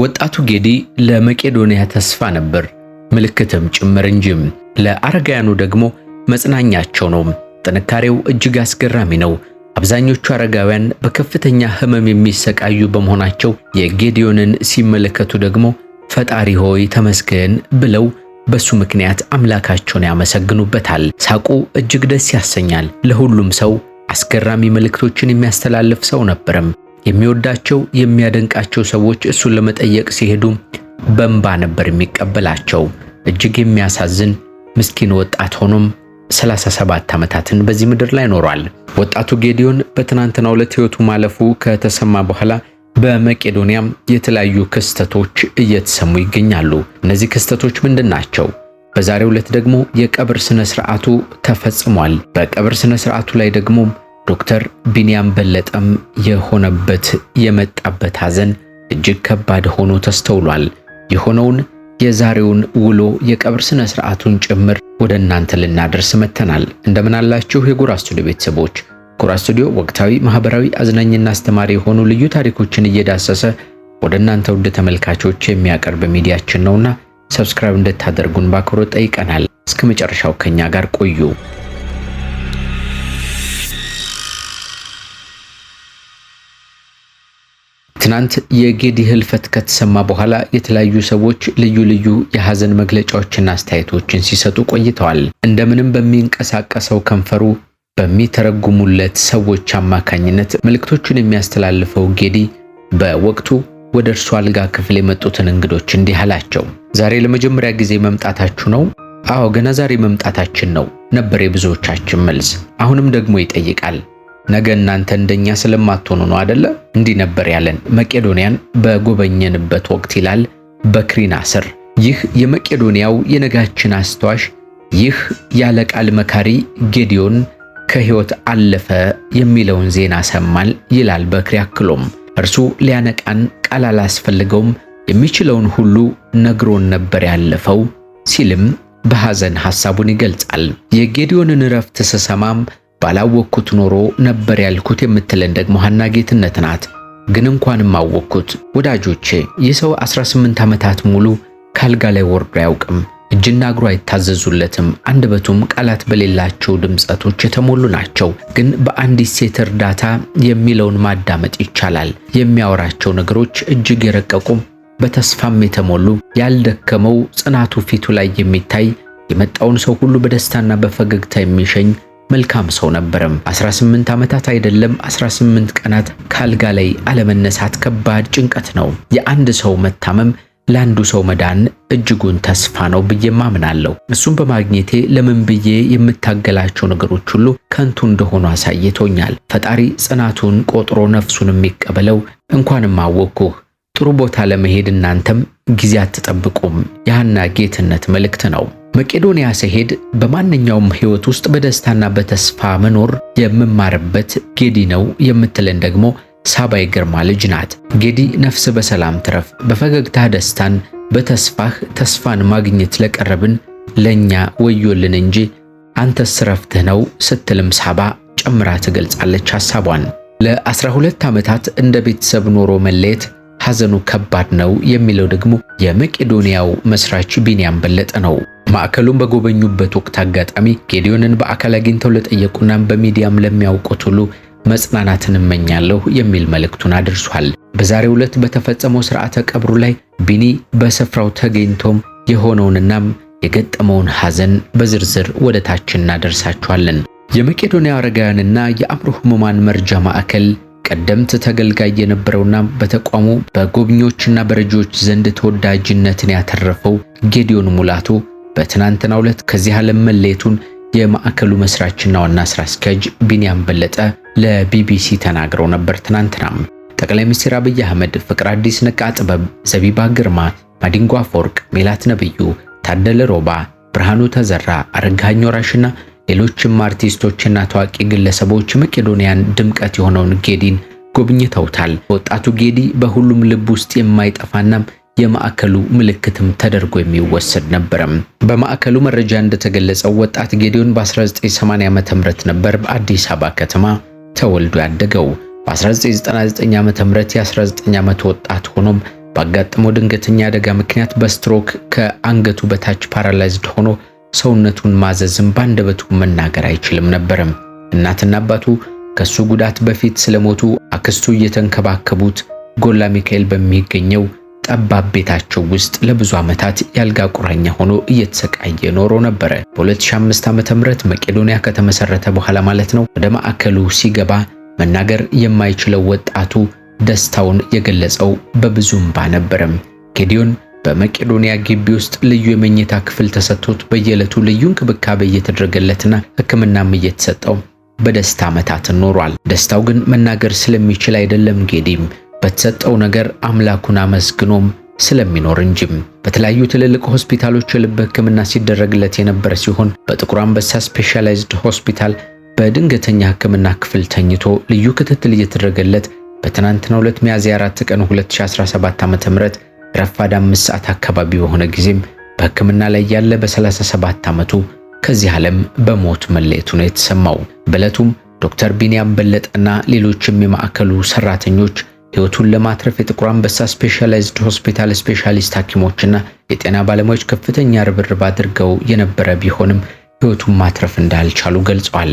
ወጣቱ ጌዲ ለመቄዶንያ ተስፋ ነበር፣ ምልክትም ጭምር እንጂ። ለአረጋውያኑ ደግሞ መጽናኛቸው ነው። ጥንካሬው እጅግ አስገራሚ ነው። አብዛኞቹ አረጋውያን በከፍተኛ ሕመም የሚሰቃዩ በመሆናቸው የጌዲዮንን ሲመለከቱ ደግሞ ፈጣሪ ሆይ ተመስገን ብለው በሱ ምክንያት አምላካቸውን ያመሰግኑበታል። ሳቁ እጅግ ደስ ያሰኛል። ለሁሉም ሰው አስገራሚ መልእክቶችን የሚያስተላልፍ ሰው ነበርም። የሚወዳቸው የሚያደንቃቸው ሰዎች እሱን ለመጠየቅ ሲሄዱ በእንባ ነበር የሚቀበላቸው። እጅግ የሚያሳዝን ምስኪን ወጣት ሆኖም 37 ዓመታትን በዚህ ምድር ላይ ኖሯል። ወጣቱ ጌዲዮን በትናንትናው ዕለት ሕይወቱ ማለፉ ከተሰማ በኋላ በመቄዶንያም የተለያዩ ክስተቶች እየተሰሙ ይገኛሉ። እነዚህ ክስተቶች ምንድን ናቸው? በዛሬው ዕለት ደግሞ የቀብር ስነ ስርዓቱ ተፈጽሟል። በቀብር ስነ ስርዓቱ ላይ ደግሞ ዶክተር ቢንያም በለጠም የሆነበት የመጣበት ሐዘን እጅግ ከባድ ሆኖ ተስተውሏል። የሆነውን የዛሬውን ውሎ የቀብር ስነ ስርዓቱን ጭምር ወደ እናንተ ልናደርስ መጥተናል። እንደምን አላችሁ የጎራ ስቱዲዮ ቤተሰቦች? ጎራ ስቱዲዮ ወቅታዊ፣ ማህበራዊ፣ አዝናኝና አስተማሪ የሆኑ ልዩ ታሪኮችን እየዳሰሰ ወደ እናንተ ውድ ተመልካቾች የሚያቀርብ ሚዲያችን ነውና ሰብስክራይብ እንድታደርጉን በአክብሮት ጠይቀናል። እስከ መጨረሻው ከኛ ጋር ቆዩ። ትናንት የጌዲ ህልፈት ከተሰማ በኋላ የተለያዩ ሰዎች ልዩ ልዩ የሀዘን መግለጫዎችና አስተያየቶችን ሲሰጡ ቆይተዋል። እንደምንም በሚንቀሳቀሰው ከንፈሩ በሚተረጉሙለት ሰዎች አማካኝነት መልእክቶቹን የሚያስተላልፈው ጌዲ በወቅቱ ወደ እርሱ አልጋ ክፍል የመጡትን እንግዶች እንዲህ አላቸው። ዛሬ ለመጀመሪያ ጊዜ መምጣታችሁ ነው? አዎ ገና ዛሬ መምጣታችን ነው ነበር የብዙዎቻችን መልስ። አሁንም ደግሞ ይጠይቃል ነገ እናንተ እንደኛ ስለማትሆኑ ነው አደለ? እንዲህ ነበር ያለን መቄዶንያን በጎበኘንበት ወቅት ይላል በክሪና ስር። ይህ የመቄዶንያው የነጋችን አስተዋሽ፣ ይህ ያለ ቃል መካሪ ጌዲዮን ከህይወት አለፈ የሚለውን ዜና ሰማል ይላል በክሪ አክሎም እርሱ ሊያነቃን ቃል አላስፈልገውም የሚችለውን ሁሉ ነግሮን ነበር ያለፈው ሲልም በሐዘን ሐሳቡን ይገልጻል። የጌዲዮንን እረፍት ስሰማም ባላወቅኩት ኖሮ ነበር ያልኩት የምትለን ደግሞ ሀና ጌትነት ናት። ግን እንኳንም አወቅኩት ወዳጆቼ፣ ይህ ሰው 18 ዓመታት ሙሉ ካልጋ ላይ ወርዶ አያውቅም። እጅና እግሩ አይታዘዙለትም። አንደበቱም ቃላት በሌላቸው ድምጸቶች የተሞሉ ናቸው። ግን በአንዲት ሴት እርዳታ የሚለውን ማዳመጥ ይቻላል። የሚያወራቸው ነገሮች እጅግ የረቀቁ፣ በተስፋም የተሞሉ ያልደከመው ጽናቱ ፊቱ ላይ የሚታይ የመጣውን ሰው ሁሉ በደስታና በፈገግታ የሚሸኝ መልካም ሰው ነበርም። 18 ዓመታት አይደለም 18 ቀናት ካልጋ ላይ አለመነሳት ከባድ ጭንቀት ነው። የአንድ ሰው መታመም ለአንዱ ሰው መዳን እጅጉን ተስፋ ነው ብዬ ማምናለሁ። እሱም በማግኘቴ ለምን ብዬ የምታገላቸው ነገሮች ሁሉ ከንቱ እንደሆኑ አሳይቶኛል። ፈጣሪ ጽናቱን ቆጥሮ ነፍሱን የሚቀበለው። እንኳንም አወቅኩህ። ጥሩ ቦታ ለመሄድ እናንተም ጊዜ አትጠብቁም። የሐና ጌትነት መልእክት ነው። መቄዶንያ ስሄድ በማንኛውም ሕይወት ውስጥ በደስታና በተስፋ መኖር የምማርበት ጌዲ ነው የምትለን ደግሞ ሳባይ ግርማ ልጅ ናት። ጌዲ ነፍስ በሰላም ትረፍ፣ በፈገግታህ ደስታን በተስፋህ ተስፋን ማግኘት ለቀረብን ለኛ ወዮልን እንጂ አንተስ ረፍትህ ነው ስትልም ሳባ ጨምራ ትገልጻለች ሐሳቧን። ለ12 ዓመታት እንደ ቤተሰብ ኖሮ መለየት ሐዘኑ ከባድ ነው የሚለው ደግሞ የመቄዶንያው መስራች ቢንያም በለጠ ነው። ማዕከሉን በጎበኙበት ወቅት አጋጣሚ ጌዲዮንን በአካል አግኝተው ለጠየቁና በሚዲያም ለሚያውቁት ሁሉ መጽናናትን እመኛለሁ የሚል መልእክቱን አድርሷል። በዛሬው ዕለት በተፈጸመው ስርዓተ ቀብሩ ላይ ቢኒ በስፍራው ተገኝቶም የሆነውንናም የገጠመውን ሐዘን በዝርዝር ወደ ታች እናደርሳችኋለን። የመቄዶንያ አረጋውያንና የአእምሮ ሕሙማን መርጃ ማዕከል ቀደምት ተገልጋይ የነበረውና በተቋሙ በጎብኚዎችና በረጂዎች ዘንድ ተወዳጅነትን ያተረፈው ጌዲዮን ሙላቱ በትናንትናው ዕለት ከዚህ ዓለም መለየቱን የማዕከሉ መስራችና ዋና ስራ አስኪያጅ ቢንያም በለጠ ለቢቢሲ ተናግረው ነበር። ትናንትናም ጠቅላይ ሚኒስትር አብይ አህመድ፣ ፍቅር አዲስ፣ ነቃ ጥበብ፣ ዘቢባ ግርማ፣ ማዲንጎ አፈወርቅ፣ ሜላት ነብዩ፣ ታደለ ሮባ፣ ብርሃኑ ተዘራ፣ አረጋኝ ወራሽና ሌሎችም አርቲስቶችና ታዋቂ ግለሰቦች መቄዶንያን ድምቀት የሆነውን ጌዲን ጎብኝተውታል። ወጣቱ ጌዲ በሁሉም ልብ ውስጥ የማይጠፋናም የማዕከሉ ምልክትም ተደርጎ የሚወሰድ ነበረም። በማዕከሉ መረጃ እንደተገለጸው ወጣት ጌዲዮን በ1980 ዓ ም ነበር በአዲስ አበባ ከተማ ተወልዶ ያደገው። በ1999 ዓ ም የ19 ዓመት ወጣት ሆኖም ባጋጠመው ድንገተኛ አደጋ ምክንያት በስትሮክ ከአንገቱ በታች ፓራላይዝድ ሆኖ ሰውነቱን ማዘዝም ባንደበቱ መናገር አይችልም ነበርም። እናትና አባቱ ከሱ ጉዳት በፊት ስለሞቱ አክስቱ እየተንከባከቡት ጎላ ሚካኤል በሚገኘው ጠባብ ቤታቸው ውስጥ ለብዙ ዓመታት ያልጋ ቁራኛ ሆኖ እየተሰቃየ ኖሮ ነበረ። በ2005 ዓ.ም መቄዶንያ ከተመሰረተ በኋላ ማለት ነው። ወደ ማዕከሉ ሲገባ መናገር የማይችለው ወጣቱ ደስታውን የገለጸው በብዙም ባነበረም ጌዲዮን በመቄዶንያ ግቢ ውስጥ ልዩ የመኝታ ክፍል ተሰጥቶት በየዕለቱ ልዩ እንክብካቤ እየተደረገለትና ሕክምናም እየተሰጠው በደስታ ዓመታትን ኖሯል። ደስታው ግን መናገር ስለሚችል አይደለም ጌዲም በተሰጠው ነገር አምላኩን አመስግኖም ስለሚኖር እንጂም በተለያዩ ትልልቅ ሆስፒታሎች የልብ ሕክምና ሲደረግለት የነበረ ሲሆን በጥቁር አንበሳ ስፔሻላይዝድ ሆስፒታል በድንገተኛ ሕክምና ክፍል ተኝቶ ልዩ ክትትል እየተደረገለት በትናንትናው ዕለት ሚያዝያ 4 ቀን 2017 ዓ.ም ረፋድ አምስት ሰዓት አካባቢ በሆነ ጊዜም በሕክምና ላይ ያለ በ37 ዓመቱ ከዚህ ዓለም በሞት መለየቱ ነው የተሰማው። በዕለቱም ዶክተር ቢንያም በለጠና ሌሎችም የማዕከሉ ሰራተኞች ህይወቱን ለማትረፍ የጥቁር አንበሳ ስፔሻላይዝድ ሆስፒታል ስፔሻሊስት ሐኪሞችና የጤና ባለሙያዎች ከፍተኛ ርብርብ አድርገው የነበረ ቢሆንም ህይወቱን ማትረፍ እንዳልቻሉ ገልጸዋል።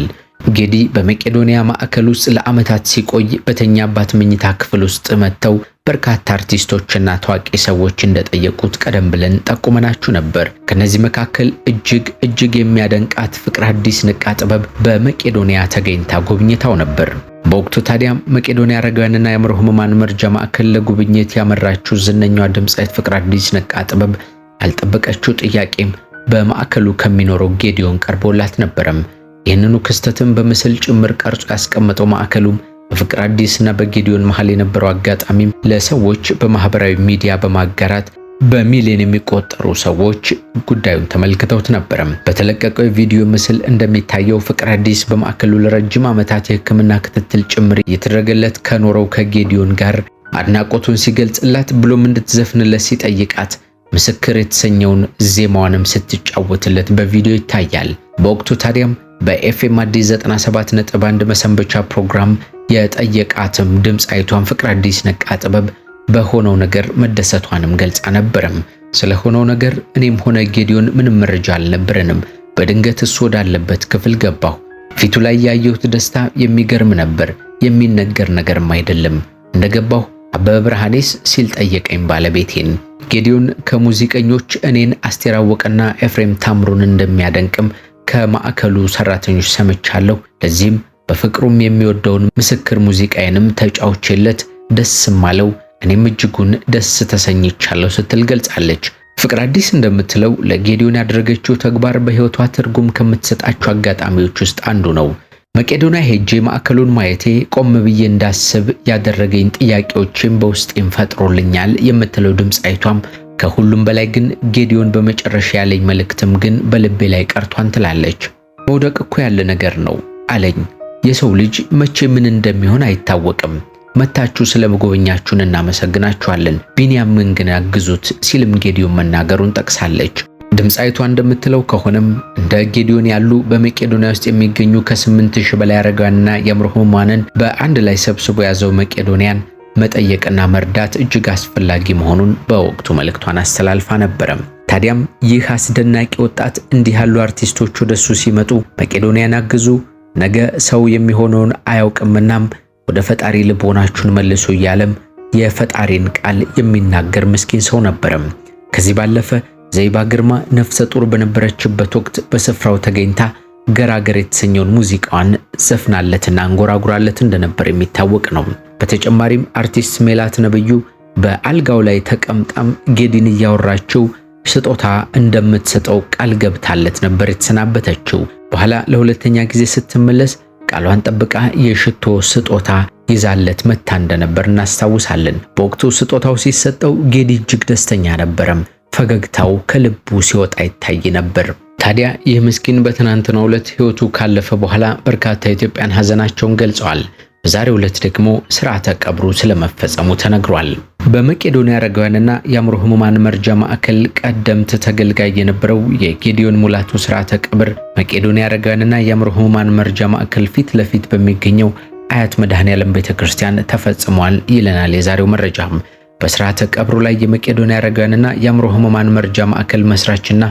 ጌዲ በመቄዶንያ ማዕከል ውስጥ ለዓመታት ሲቆይ በተኛባት መኝታ ክፍል ውስጥ መጥተው በርካታ አርቲስቶችና ታዋቂ ሰዎች እንደጠየቁት ቀደም ብለን ጠቁመናችሁ ነበር። ከነዚህ መካከል እጅግ እጅግ የሚያደንቃት ፍቅር አዲስ ንቃ ጥበብ በመቄዶንያ ተገኝታ ጎብኝታው ነበር። በወቅቱ ታዲያም መቄዶንያ አረጋውያንና የአእምሮ ህመማን መርጃ ማዕከል ለጉብኝት ያመራችው ዝነኛዋ ድምጻዊት ፍቅር አዲስ ንቃ ጥበብ ያልጠበቀችው ጥያቄም በማዕከሉ ከሚኖረው ጌዲዮን ቀርቦላት ነበረም። ይህንኑ ክስተትም በምስል ጭምር ቀርጾ ያስቀመጠው ማዕከሉም በፍቅር አዲስ እና በጌዲዮን መሃል የነበረው አጋጣሚም ለሰዎች በማህበራዊ ሚዲያ በማጋራት በሚሊዮን የሚቆጠሩ ሰዎች ጉዳዩን ተመልክተውት ነበር። በተለቀቀው የቪዲዮ ምስል እንደሚታየው ፍቅር አዲስ በማዕከሉ ለረጅም ዓመታት የሕክምና ክትትል ጭምር እየተደረገለት ከኖረው ከጌዲዮን ጋር አድናቆቱን ሲገልጽላት ብሎም እንድትዘፍንለት ሲጠይቃት ምስክር የተሰኘውን ዜማዋንም ስትጫወትለት በቪዲዮ ይታያል። በወቅቱ ታዲያም በኤፍኤም አዲስ 1 መሰንበቻ ፕሮግራም የጠየቃትም አይቷን ፍቅር አዲስ ነቃ ጥበብ በሆነው ነገር መደሰቷንም ገልጻ ነበረም። ስለሆነው ነገር እኔም ሆነ ጌዲዮን ምንም መረጃ አልነበረንም። በድንገት እሱ ወዳለበት ክፍል ገባሁ። ፊቱ ላይ ያየሁት ደስታ የሚገርም ነበር። የሚነገር ነገርም አይደለም። እንደገባሁ አበበ ብርሃኔስ ሲል ጠየቀኝ ባለቤቴን። ጌዲዮን ከሙዚቀኞች እኔን አስቴር አወቀና ኤፍሬም ታምሩን እንደሚያደንቅም ከማዕከሉ ሰራተኞች ሰምቻለሁ። ለዚህም በፍቅሩም የሚወደውን ምስክር ሙዚቃዬንም ተጫውቼለት ደስም አለው። እኔም እጅጉን ደስ ተሰኝቻለሁ ስትል ገልጻለች። ፍቅር አዲስ እንደምትለው ለጌዲዮን ያደረገችው ተግባር በሕይወቷ ትርጉም ከምትሰጣቸው አጋጣሚዎች ውስጥ አንዱ ነው። መቄዶንያ ሄጄ ማዕከሉን ማየቴ ቆም ብዬ እንዳስብ ያደረገኝ ጥያቄዎችን በውስጤም ፈጥሮልኛል የምትለው ድምፃዊቷም ከሁሉም በላይ ግን ጌዲዮን በመጨረሻ ያለኝ መልእክትም ግን በልቤ ላይ ቀርቷን ትላለች። መውደቅ እኮ ያለ ነገር ነው አለኝ። የሰው ልጅ መቼ ምን እንደሚሆን አይታወቅም። መታችሁ ስለ መጎብኛችሁን እናመሰግናችኋለን፣ ቢንያምን ግን አግዙት ሲልም ጌዲዮን መናገሩን ጠቅሳለች። ድምፃዊቷ እንደምትለው ከሆነም እንደ ጌዲዮን ያሉ በመቄዶንያ ውስጥ የሚገኙ ከስምንት 8000 በላይ አረጋውያንና የአእምሮ በአንድ ላይ ሰብስቦ የያዘው መቄዶንያን መጠየቅና መርዳት እጅግ አስፈላጊ መሆኑን በወቅቱ መልእክቷን አስተላልፋ ነበረም። ታዲያም ይህ አስደናቂ ወጣት እንዲህ ያሉ አርቲስቶች ወደሱ ሲመጡ መቄዶንያን አግዙ፣ ነገ ሰው የሚሆነውን አያውቅምናም ወደ ፈጣሪ ልቦናችሁን መልሶ እያለም የፈጣሪን ቃል የሚናገር ምስኪን ሰው ነበረም። ከዚህ ባለፈ ዘይባ ግርማ ነፍሰ ጡር በነበረችበት ወቅት በስፍራው ተገኝታ ገራገር የተሰኘውን ሙዚቃዋን ዘፍናለትና አንጎራጉራለት እንደነበር የሚታወቅ ነው። በተጨማሪም አርቲስት ሜላት ነብዩ በአልጋው ላይ ተቀምጣም ጌዲን እያወራችው ስጦታ እንደምትሰጠው ቃል ገብታለት ነበር የተሰናበተችው። በኋላ ለሁለተኛ ጊዜ ስትመለስ ቃሏን ጠብቃ የሽቶ ስጦታ ይዛለት መታ እንደነበር እናስታውሳለን። በወቅቱ ስጦታው ሲሰጠው ጌዲ እጅግ ደስተኛ ነበረም። ፈገግታው ከልቡ ሲወጣ ይታይ ነበር። ታዲያ ይህ ምስኪን በትናንትናው ዕለት ሕይወቱ ካለፈ በኋላ በርካታ ኢትዮጵያን ሐዘናቸውን ገልጸዋል። በዛሬው ዕለት ደግሞ ስርዓተ ቀብሩ ስለመፈጸሙ ተነግሯል። በመቄዶንያ አረጋውያንና የአእምሮ ህሙማን መርጃ ማዕከል ቀደምት ተገልጋይ የነበረው የጌዲዮን ሙላቱ ስርዓተ ቀብር መቄዶንያ አረጋውያንና የአእምሮ ህሙማን መርጃ ማዕከል ፊት ለፊት በሚገኘው አያት መድኃኔ ዓለም ቤተክርስቲያን ተፈጽሟል ይለናል የዛሬው መረጃም። በስርዓተ ቀብሩ ላይ የመቄዶንያ አረጋውያንና የአእምሮ ህሙማን መርጃ ማዕከል መስራችና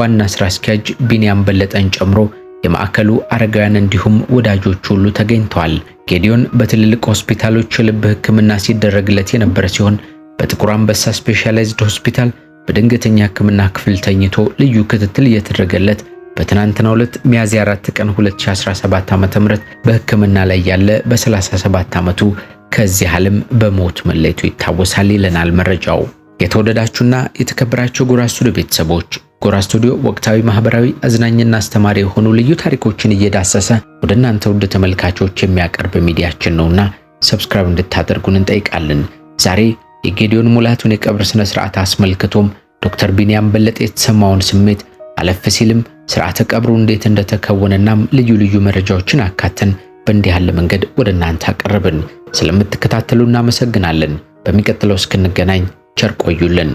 ዋና ስራ አስኪያጅ ቢንያም በለጠን ጨምሮ የማዕከሉ አረጋውያን እንዲሁም ወዳጆች ሁሉ ተገኝተዋል። ጌዲዮን በትልልቅ ሆስፒታሎች የልብ ሕክምና ሲደረግለት የነበረ ሲሆን በጥቁር አንበሳ ስፔሻላይዝድ ሆስፒታል በድንገተኛ ሕክምና ክፍል ተኝቶ ልዩ ክትትል እየተደረገለት በትናንትናው ዕለት ሚያዝያ 4 ቀን 2017 ዓ.ም በሕክምና ላይ ያለ በ37 ዓመቱ ከዚህ ዓለም በሞት መለየቱ ይታወሳል ይለናል መረጃው። የተወደዳችሁና የተከበራችሁ ጎራ ስቱዲዮ ቤተሰቦች ጎራ ስቱዲዮ ወቅታዊ፣ ማህበራዊ፣ አዝናኝና አስተማሪ የሆኑ ልዩ ታሪኮችን እየዳሰሰ ወደ እናንተ ውድ ተመልካቾች የሚያቀርብ ሚዲያችን ነውና ሰብስክራይብ እንድታደርጉን እንጠይቃለን። ዛሬ የጌዲዮን ሙላቱን የቀብር ስነ ስርዓት አስመልክቶም ዶክተር ቢንያም በለጠ የተሰማውን ስሜት አለፍ ሲልም ስርዓተ ቀብሩ እንዴት እንደተከወነናም ልዩ ልዩ መረጃዎችን አካተን በእንዲህ ያለ መንገድ ወደ እናንተ አቀረብን። ስለምትከታተሉ እናመሰግናለን። በሚቀጥለው እስክንገናኝ ቸር ቆዩልን።